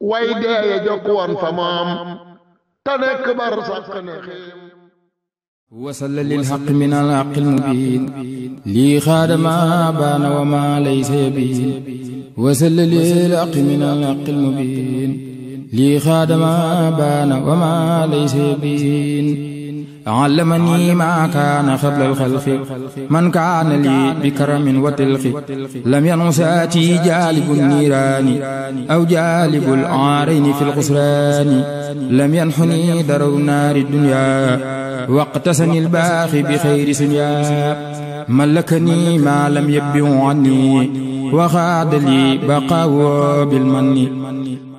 way dee ya تنكبر woon fa bar وصل للحق من الحق المبين لي خادم بان وما ليس يبين وصل للحق من الحق المبين لي خادم بان وما ليس يبين علمني ما كان قبل الخلق من كان لي بكرم وتلق لم اتي جالب النيران أو جالب العارين في الخسران لم ينحني درو نار الدنيا واقتسني الباخي بخير سنيا ملكني ما لم يبه عني وخاد لي بقاو بالمن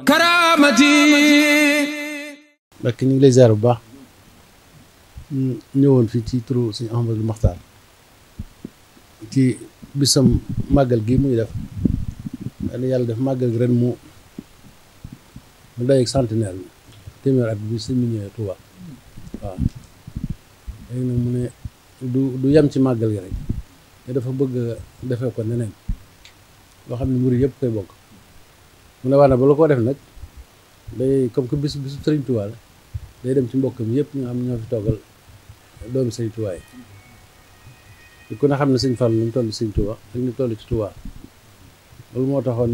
كرامتي لكن لي زار ñëwoon fi ci turu suñu Ahmadou ci bisam màggal gi muy def dañu yàlla def màggal ren mu mu day ak centenaire bi téeméer at bi sëñ bi ñëwee Touba waaw léegi mu ne du du ci màggal gi rek te dafa bëgg defee ko neneen loo xam ne murid yëpp koy bokk mu ne wax na ba la ko def nag day comme que bis bisu sëriñ Touba la day dem ci mbokkam yëpp ñu am ñoo fi toggal doomi sëñ Tuubaa yi ku xam ne sëñ Fall ni mu toll sëñ Tuubaa ak ni tollu ci Tuubaa loolu moo taxoon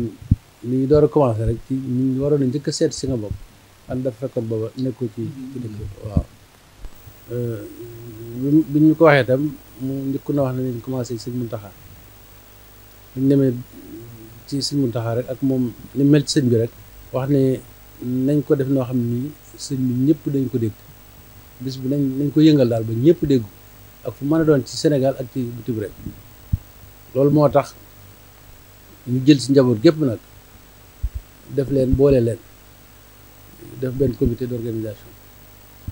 li ñu door a commencé rek ci ñu waroon a njëkk a seet si bopp an dafa fekkoon booba nekkoo ci ci dëkk waaw bi ñu ko waxee itam mu njëkk na wax ne nañ commencé sëñ Muntaxa ñu demee ci sëñ Muntaxa rek ak moom ni mel ci sëñ bi rek wax ne nañ ko def noo xam ni sëñ bi ñëpp dañ ko dégg bis bi nañ nañ ko yëngal daal ba ñëpp déggu ak fu mën a doon ci Sénégal ak ci bitim rek loolu moo tax ñu jël si njaboot gépp nag def leen boole leen def benn comité d'organisation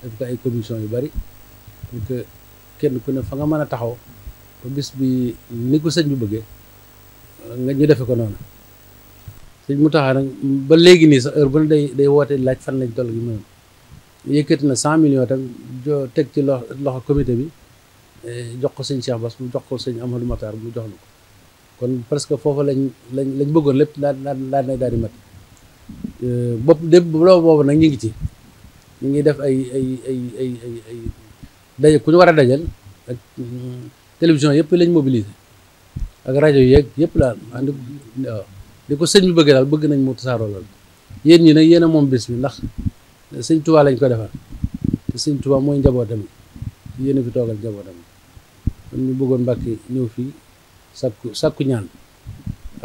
def ko ay commission yu bari pour que kenn ku ne fa nga mën a taxaw ba bis bi ni ko sëñ bi bëggee nga ñu defe ko noonu sëñ mu taxaa nag ba léegi nii sa heure bu ne day day wootee laaj fan lañ toll gi mënoon yëkkati na cent millions tam teg ci loxo loxo comité bi e, jox ko sëñ Cheikh Bass mu jox ko sëñ Amadou Matar mu jox na ko kon presque foofu lañ lañ lañ bëggoon lépp daal daal daal di mat e, bopp lépp loolu boobu nag ñu ngi ci ñu ngi def ay ay ay ay ay ay daje ku ñu war a dajal ak mm, télévision yëpp lañ mobiliser ak rajo yeeg yëpp daal andi di ko sëñ bi bëgg daal bëgg nañ mu tasaaroo lool yen ñi nag yéen a moom bés ndax. sëñ Tuubaa lañ ko defar te sëñ Tuubaa mooy njabootam yéen a fi toogal njabootam kon ñu bëggoon Mbàkke ñëw fii sakku sakku ñaan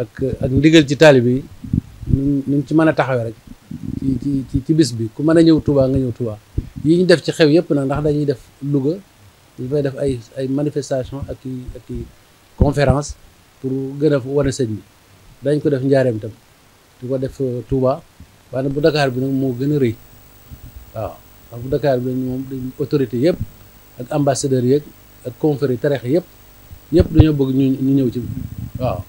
ak ak ndigal ci taalibe yi ñu ci mën a taxawee rek ci ci ci bis bi ku mën a ñëw Tuubaa nga ñëw Tuubaa yi ñu def ci xew yëpp nag ndax dañuy def Louga dañu fay def ay ay manifestation ak i ak i conférence pour gën a wane sëñ bi dañ ko def njaareem tam di ko def Touba waaye bu Dakar bi nag moo gën a rëy waaw donc Dakar bi moom dañ autorité yëpp ak ambassadeurs yeeg ak confrérie tarex yëpp yëpp dañoo bëgg ñu ñu ñëw ci waaw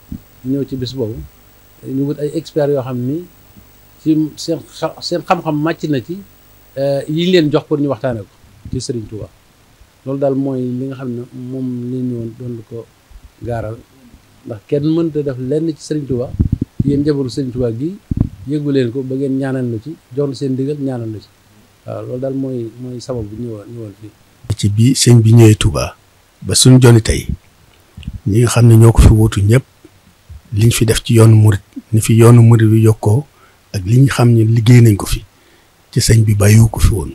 ñu ci bis boobu ñu wut ay experts yoo xam ni ci seen seen xam-xam màcc na ci eh, yi leen jox pour ñu waxtaane ko ci Sëriñ Touba loolu daal mooy li nga xam ne moom li ñu doon ko gaaral ndax kenn mënta def lenn ci Sëriñ Touba yéen jabaru Sëriñ Touba gi yëgu leen ko ba ngeen ñaanal na ci jox na seen ndigal ñaanal na ci waaw loolu daal mooy mooy sabab bi ñëwoon ñëwoon fii. ci bi sëñ bi ñëwee Touba ba suñ joni tey ñi nga xam ne ñoo ko fi wuutu ñëpp liñ fi def ci yoonu murit ni fi yoonu murit bi yokkoo ak li ñu xam ne liggéey nañ ko fi ci sëñ bi bàyyiwu ko fi woon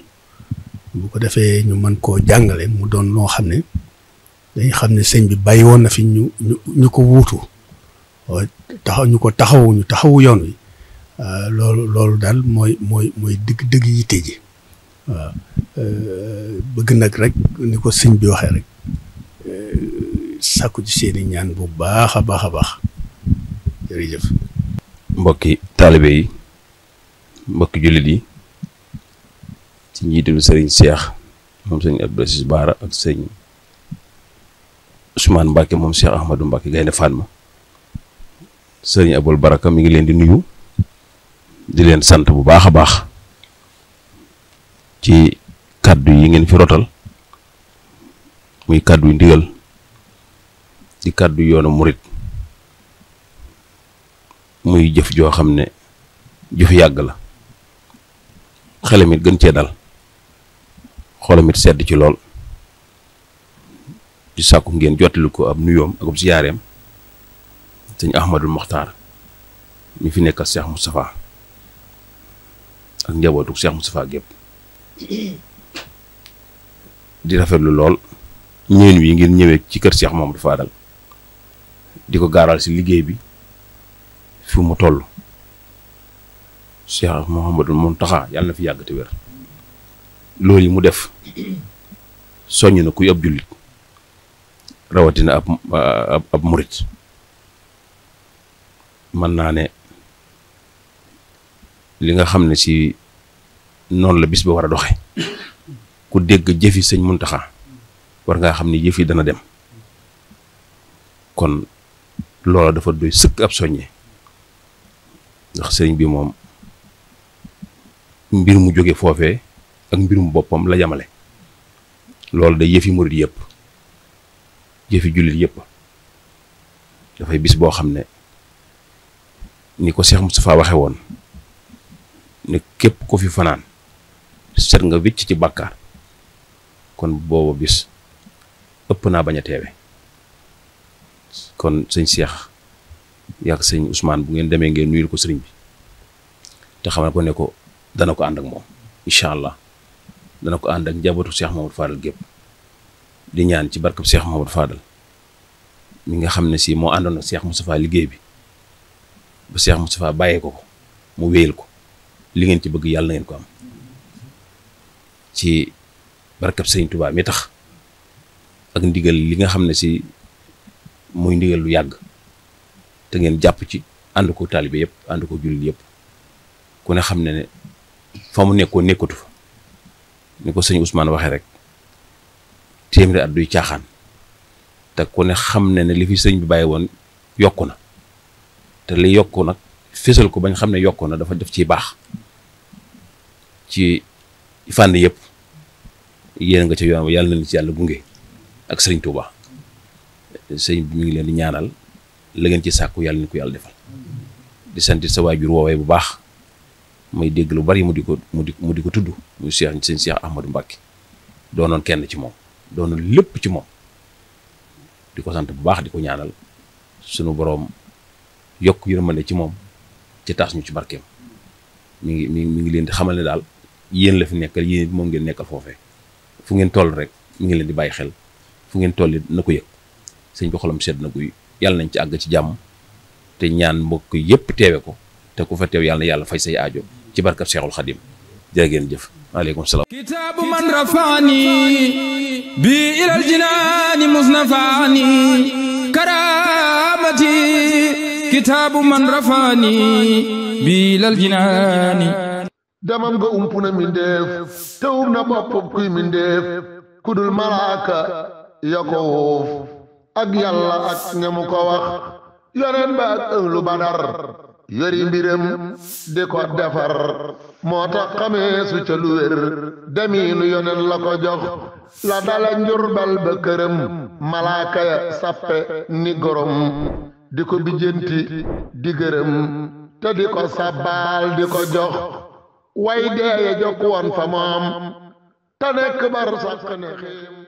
bu ko defee ñu mën koo jàngale mu doon loo xam ne dañu xam ne sëñ bi bàyyi woon na fi ñu ñu ñu ko wuutu taxaw ñu ko taxawu ñu taxawu yoon wi loolu loolu daal mooy mooy mooy dëgg dëgg yitte ji waaw euh, bëgg nag rek ni ko sëñ bi waxee rek euh, sàkku ci seeni ñaan bu baax a baax a baax jërëjëf. mbokki taalibe yi mbokki jullit yi ci njiitalu sëriñ Cheikh moom sëñ Abdou Aziz Baara ak sëñ Ousmane Mbacke moom Cheikh Ahmadou Mbacke Gaynde Fatma sëriñ Aboul Baraka mi ngi leen di nuyu di leen sant bu baax a baax. ci kàddu yi ngeen fi rotal muy kàddu yu ndigal di kàddu yoonu murit muy jëf joo xam ne jufi yàgg la xelam gën cee dal xolam sedd ci lool di sàkku ngeen jottali ko ab nuyoom ak ab siyaareem sëñ Ahmadul Moxtaar ñu fi nekkal Cheikh Moustapha ak njabootu Cheikh Moustapha gépp di rafetlu lool ñëwin wi ngeen ñëwee ci kër Cheikh Mamadou Fadal di ko gaaral si liggéey bi fi mu toll Cheikh Mouhamadul Mountakha yàlla na fi yàgg te wér loolu yi mu def soññ na kuy ab jullit rawatina ab ab murit mën naa ne li nga xam ne si noonu la bis ba war a doxe ku dégg jëfi sëñ Muntaxa war ngaa xam ni yëf yi dana dem kon loola dafa doy sëkk ab soññe ndax sëriñ bi moom mbir mu jóge foofe ak mbirum boppam la yamale loolu da yëfi murit yëpp yëfi jullit yëpp dafay bis boo xam ne ni ko Cheikh Moustapha waxe woon ne képp ko fi fanaan set nga wicc ci bàkkaar kon booba bis ëpp naa bañ a teewe kon sëñ Seex yàgg sëñ Ousmane bu ngeen demee ngeen nuyul ko sëriñ bi te xamal ko ne ko dana ko ànd ak moom incha allah dana ko ànd ak njabootu Seex Mamadou Fadal gépp di ñaan ci barkab Seex Mamadou Fadal mi nga xam ne si moo àndoon ak Seex Moustapha liggéey bi ba Seex Moustapha bàyyee ko ko mu wéyal ko li ngeen ci bëgg yàlla ngeen ko am ci barkab sëñ tubaab mi tax ak ndigal li nga xam ne si muy ndigal lu yàgg te ngeen jàpp ci ànd ko taalibe yëpp ànd ko jullit yëpp ku ne xam ne ne fa mu nekkoo nekkatu fa ni ko sëñ Ousmane waxee rek téeméeri at duy caaxaan te ku ne xam ne ne li fi sëñ bu bàyyi woon yokku na te li yokku nag fésal ko bañ xam ne yokku na dafa def ci baax ci fànn yëpp yéen nga ca yoon yàlla na leen ci yàlla gunge ak sëriñ Touba sëñ bi mu ngi leen di ñaanal la ngeen ci sàkku yàlla ni ko yàlla defal di santit sa waajur woowee bu baax may dégg lu bari mu di ko mu di mu di ko tudd muy Cheikh sëñ Cheikh Ahmadou Mbacke doonoon kenn ci moom doonoon lépp ci moom di ko sant bu baax di ko ñaanal sunu boroom yokk yërmande ci moom ci taas ñu ci barkeem mi ngi mi ngi leen di xamal ne daal yéen la fi nekkal yéen moom ngeen nekkal foofee fu ngeen toll rek mi ngi leen di bàyyi xel fu ngeen toll na ko yëg sëñ bi xolam sedd na ko yàlla nañ ci àgg ci jàmm te ñaan mbokk yëpp teewe ko te ku fa teew yàlla na yàlla fay say aajo ci barkab cheikhul Xadim jërë ngeen jëf maaleykum salaam man rafani bi ilal jinaani musnafani karamati kitabu man rafani bi ilal jinaani demam nga umpuna mindeef te um na boppam kuy mindeef kudul malaaka ya ko wuuf ak yàlla ak ñamu ko wax yoneen ba ak ënglu badar yori mbiram di ko defar moo tax xamee su demiinu yoneen la ko jox la dala njurbal ba këram malaaka ya sappe ni gorom di ko bijjanti di te di ko sabbaal di ko jox way deeye jokk woon fa moom te nekk bar sàkk ne xéem